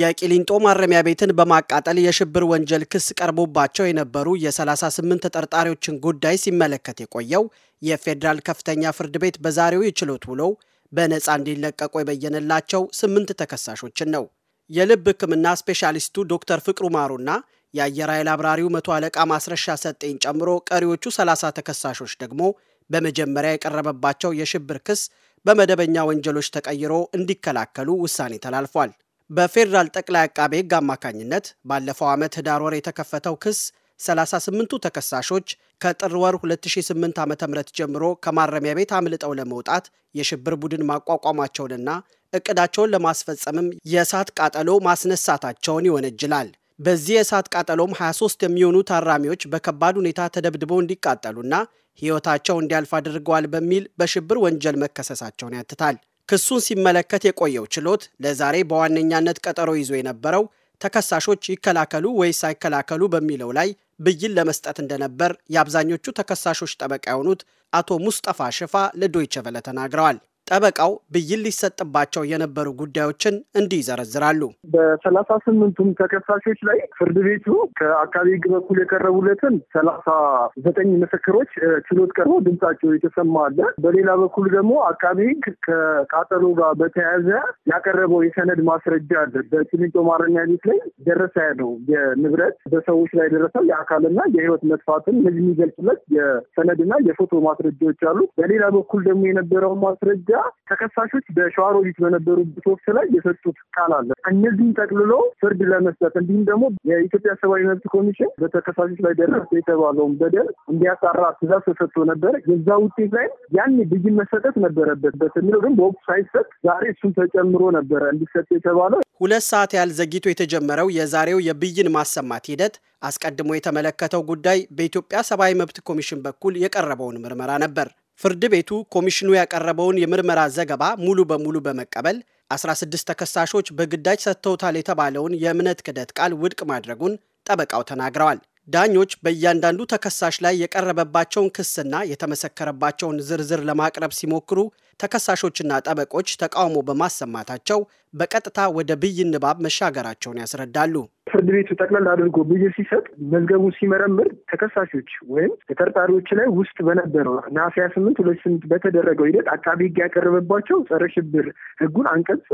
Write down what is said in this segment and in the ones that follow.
የቂሊንጦ ማረሚያ ቤትን በማቃጠል የሽብር ወንጀል ክስ ቀርቦባቸው የነበሩ የ38 ተጠርጣሪዎችን ጉዳይ ሲመለከት የቆየው የፌዴራል ከፍተኛ ፍርድ ቤት በዛሬው የችሎት ውሎ በነፃ እንዲለቀቁ የበየነላቸው ስምንት ተከሳሾችን ነው። የልብ ሕክምና ስፔሻሊስቱ ዶክተር ፍቅሩ ማሩና የአየር ኃይል አብራሪው መቶ አለቃ ማስረሻ ሰጤን ጨምሮ ቀሪዎቹ 30 ተከሳሾች ደግሞ በመጀመሪያ የቀረበባቸው የሽብር ክስ በመደበኛ ወንጀሎች ተቀይሮ እንዲከላከሉ ውሳኔ ተላልፏል። በፌዴራል ጠቅላይ አቃቤ ሕግ አማካኝነት ባለፈው ዓመት ህዳር ወር የተከፈተው ክስ 38ቱ ተከሳሾች ከጥር ወር 2008 ዓ ም ጀምሮ ከማረሚያ ቤት አምልጠው ለመውጣት የሽብር ቡድን ማቋቋማቸውንና እቅዳቸውን ለማስፈጸምም የእሳት ቃጠሎ ማስነሳታቸውን ይወነጅላል። በዚህ የእሳት ቃጠሎም 23 የሚሆኑ ታራሚዎች በከባድ ሁኔታ ተደብድበው እንዲቃጠሉና ሕይወታቸው እንዲያልፍ አድርገዋል በሚል በሽብር ወንጀል መከሰሳቸውን ያትታል። ክሱን ሲመለከት የቆየው ችሎት ለዛሬ በዋነኛነት ቀጠሮ ይዞ የነበረው ተከሳሾች ይከላከሉ ወይስ ሳይከላከሉ በሚለው ላይ ብይን ለመስጠት እንደነበር የአብዛኞቹ ተከሳሾች ጠበቃ የሆኑት አቶ ሙስጠፋ ሽፋ ለዶይቸ ቨለ ተናግረዋል። ጠበቃው ብይን ሊሰጥባቸው የነበሩ ጉዳዮችን እንዲህ ይዘረዝራሉ። በሰላሳ ስምንቱም ተከሳሾች ላይ ፍርድ ቤቱ ከአካባቢ ሕግ በኩል የቀረቡለትን ሰላሳ ዘጠኝ ምስክሮች ችሎት ቀርቦ ድምጻቸው የተሰማ አለ። በሌላ በኩል ደግሞ አካባቢ ሕግ ከቃጠሎ ጋር በተያያዘ ያቀረበው የሰነድ ማስረጃ አለ። በሲሚንቶ ማረሚያ ቤት ላይ ደረሰ ያለው የንብረት በሰዎች ላይ ደረሰው የአካልና የሕይወት መጥፋትን እነዚህ የሚገልጽለት የሰነድና የፎቶ ማስረጃዎች አሉ። በሌላ በኩል ደግሞ የነበረው ማስረጃ መረጃ ተከሳሾች በሸዋሮቢት በነበሩበት ወቅት ላይ የሰጡት ቃል አለ። እነዚህም ጠቅልሎ ፍርድ ለመስጠት እንዲሁም ደግሞ የኢትዮጵያ ሰብአዊ መብት ኮሚሽን በተከሳሾች ላይ ደረሰ የተባለውን በደል እንዲያጣራ ትእዛዝ ተሰጥቶ ነበር። የዛ ውጤት ላይ ያን ብይን መሰጠት ነበረበት በሚለው ግን በወቅቱ ሳይሰጥ ዛሬ እሱም ተጨምሮ ነበረ እንዲሰጥ የተባለው። ሁለት ሰዓት ያህል ዘግይቶ የተጀመረው የዛሬው የብይን ማሰማት ሂደት አስቀድሞ የተመለከተው ጉዳይ በኢትዮጵያ ሰብአዊ መብት ኮሚሽን በኩል የቀረበውን ምርመራ ነበር። ፍርድ ቤቱ ኮሚሽኑ ያቀረበውን የምርመራ ዘገባ ሙሉ በሙሉ በመቀበል 16 ተከሳሾች በግዳጅ ሰጥተውታል የተባለውን የእምነት ክደት ቃል ውድቅ ማድረጉን ጠበቃው ተናግረዋል። ዳኞች በእያንዳንዱ ተከሳሽ ላይ የቀረበባቸውን ክስና የተመሰከረባቸውን ዝርዝር ለማቅረብ ሲሞክሩ ተከሳሾችና ጠበቆች ተቃውሞ በማሰማታቸው በቀጥታ ወደ ብይን ንባብ መሻገራቸውን ያስረዳሉ። ፍርድ ቤቱ ጠቅላላ አድርጎ ብይን ሲሰጥ መዝገቡን ሲመረምር ተከሳሾች ወይም ተጠርጣሪዎች ላይ ውስጥ በነበረው ነሐሴ ሀያ ስምንት ሁለት ስምንት በተደረገው ሂደት አቃቢ ሕግ ያቀረበባቸው ጸረ ሽብር ሕጉን አንቀጽ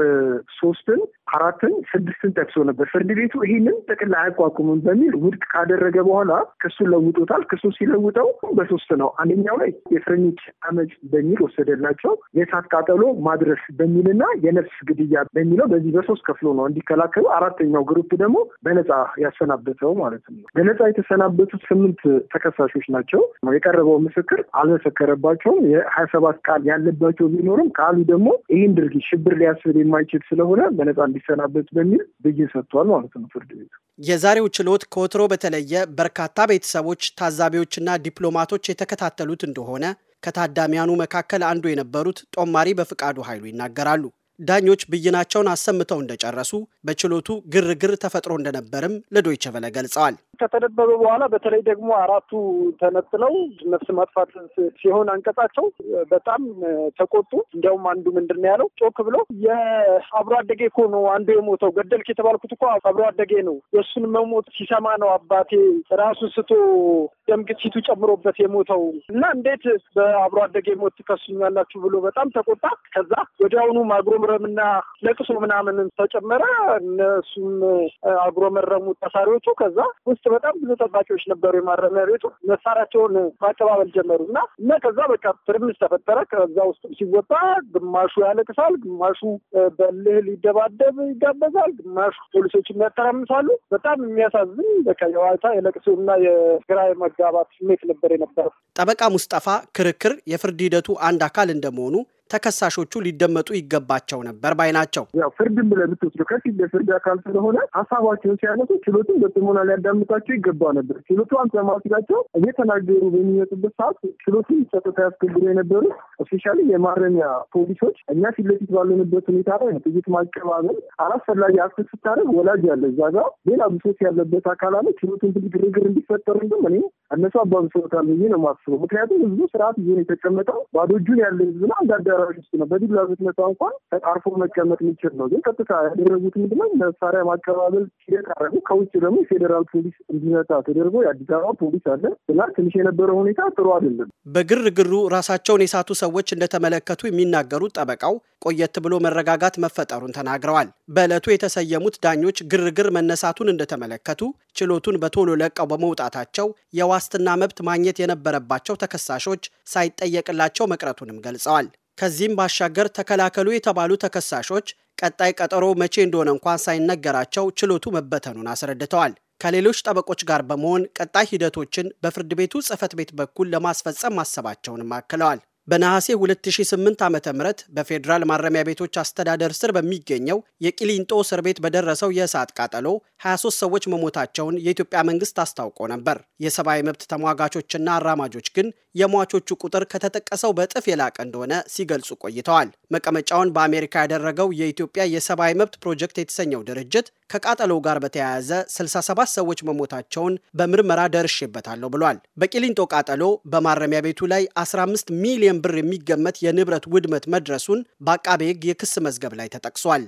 ሶስትን አራትን ስድስትን ጠቅሶ ነበር። ፍርድ ቤቱ ይህንን ጥቅል አያቋቁምም በሚል ውድቅ ካደረገ በኋላ ክሱን ለውጦታል። ክሱ ሲለውጠው በሶስት ነው። አንደኛው ላይ የእስረኞች አመፅ በሚል ወሰደላቸው። የእሳት ቃጠሎ ማድረስ በሚልና የነፍስ ግድያ በሚለው በዚህ በሶስት ከፍሎ ነው እንዲከላከሉ። አራተኛው ግሩፕ ደግሞ በነፃ ያሰናበተው ማለት ነው። በነፃ የተሰናበቱት ስምንት ተከሳሾች ናቸው። የቀረበው ምስክር አልመሰከረባቸውም። የሀያ ሰባት ቃል ያለባቸው ቢኖርም ቃሉ ደግሞ ይህን ድርጊት ሽብር ሊያስብል የማይችል ስለሆነ በነፃ እንዲ እንዲሰናበት በሚል ብይን ሰጥቷል ማለት ነው ፍርድ ቤቱ። የዛሬው ችሎት ከወትሮ በተለየ በርካታ ቤተሰቦች፣ ታዛቢዎችና ዲፕሎማቶች የተከታተሉት እንደሆነ ከታዳሚያኑ መካከል አንዱ የነበሩት ጦማሪ በፍቃዱ ኃይሉ ይናገራሉ። ዳኞች ብይናቸውን አሰምተው እንደጨረሱ በችሎቱ ግርግር ተፈጥሮ እንደነበርም ለዶይቸ ቬለ ገልጸዋል። ከተደበበ በኋላ በተለይ ደግሞ አራቱ ተነጥለው ነፍስ ማጥፋት ሲሆን አንቀጻቸው በጣም ተቆጡ። እንዲያውም አንዱ ምንድን ያለው ጮክ ብሎ የአብሮ አደጌ እኮ ነው አንዱ የሞተው ገደልክ የተባልኩት እኮ አብሮ አደጌ ነው የእሱን መሞት ሲሰማ ነው አባቴ ራሱን ስቶ ደም ግፊቱ ጨምሮበት የሞተው እና እንዴት በአብሮ አደጌ ሞት ትከሱኛላችሁ ብሎ በጣም ተቆጣ። ከዛ ወዲያውኑ ማጉረምረምና ለቅሶ ምናምን ተጨመረ። እነሱም አጉረመረሙ ተሳሪዎቹ። ከዛ ውስጥ በጣም ብዙ ጠባቂዎች ነበሩ። የማረሚያ ቤቱ መሳሪያቸውን ማቀባበል ጀመሩ እና እና ከዛ በቃ ትርምስ ተፈጠረ። ከዛ ውስጥ ሲወጣ ግማሹ ያለቅሳል፣ ግማሹ በልህ ሊደባደብ ይጋበዛል፣ ግማሹ ፖሊሶች ያተራምሳሉ። በጣም የሚያሳዝን በቃ የዋይታ እና የግራ መጋባት ስሜት ነበር የነበረው። ጠበቃ ሙስጠፋ ክርክር የፍርድ ሂደቱ አንድ አካል እንደመሆኑ ተከሳሾቹ ሊደመጡ ይገባቸው ነበር ባይ ናቸው። ያው ፍርድን ብለህ ብትወስደው ከፊት ለፍርድ አካል ስለሆነ ሀሳባቸውን ሲያነሱ ችሎቱን በጥሞና ሊያዳምጣቸው ይገባ ነበር። ችሎቱ አንሰማ ሲላቸው እየተናገሩ በሚመጡበት ሰዓት ችሎቱን ጸጥታ ያስከብሩ የነበሩ ስፔሻሊ የማረሚያ ፖሊሶች እኛ ፊት ለፊት ባለንበት ሁኔታ ላይ ጥይት ማቀባበል አላስፈላጊ አክስ ስታደርግ ወላጅ ያለ እዛ ጋር ሌላ ብሶት ያለበት አካል አለ። ችሎቱን ትልቅ ግርግር እንዲፈጠር እንደም እኔ እነሱ አባብሰውታል ብዬ ነው የማስበው። ምክንያቱም ህዝቡ ስርዓት ይዞ ነው የተቀመጠው። ባዶ እጁን ያለ ህዝብና አንዳዳ ውስጥ ነው በዲብላ ብትመጣ እንኳን ተጣርፎ መቀመጥ የሚችል ነው። ግን ቀጥታ ያደረጉት ምንድነው መሳሪያ ማቀባበል ሂደት አረጉ። ከውጭ ደግሞ ፌዴራል ፖሊስ እንዲመጣ ተደርጎ የአዲስ አበባ ፖሊስ አለ እና ትንሽ የነበረው ሁኔታ ጥሩ አይደለም። በግርግሩ ራሳቸውን የሳቱ ሰዎች እንደተመለከቱ የሚናገሩት ጠበቃው ቆየት ብሎ መረጋጋት መፈጠሩን ተናግረዋል። በዕለቱ የተሰየሙት ዳኞች ግርግር መነሳቱን እንደተመለከቱ ችሎቱን በቶሎ ለቀው በመውጣታቸው የዋስትና መብት ማግኘት የነበረባቸው ተከሳሾች ሳይጠየቅላቸው መቅረቱንም ገልጸዋል። ከዚህም ባሻገር ተከላከሉ የተባሉ ተከሳሾች ቀጣይ ቀጠሮ መቼ እንደሆነ እንኳን ሳይነገራቸው ችሎቱ መበተኑን አስረድተዋል። ከሌሎች ጠበቆች ጋር በመሆን ቀጣይ ሂደቶችን በፍርድ ቤቱ ጽህፈት ቤት በኩል ለማስፈጸም ማሰባቸውንም አክለዋል። በነሐሴ 2008 ዓ ም በፌዴራል ማረሚያ ቤቶች አስተዳደር ስር በሚገኘው የቂሊንጦ እስር ቤት በደረሰው የእሳት ቃጠሎ 23 ሰዎች መሞታቸውን የኢትዮጵያ መንግስት አስታውቆ ነበር። የሰብአዊ መብት ተሟጋቾችና አራማጆች ግን የሟቾቹ ቁጥር ከተጠቀሰው በእጥፍ የላቀ እንደሆነ ሲገልጹ ቆይተዋል። መቀመጫውን በአሜሪካ ያደረገው የኢትዮጵያ የሰብአዊ መብት ፕሮጀክት የተሰኘው ድርጅት ከቃጠሎው ጋር በተያያዘ 67 ሰዎች መሞታቸውን በምርመራ ደርሼበታለሁ ብሏል። በቂሊንጦ ቃጠሎ በማረሚያ ቤቱ ላይ 15 ሚሊዮን ብር የሚገመት የንብረት ውድመት መድረሱን በአቃቤ ሕግ የክስ መዝገብ ላይ ተጠቅሷል።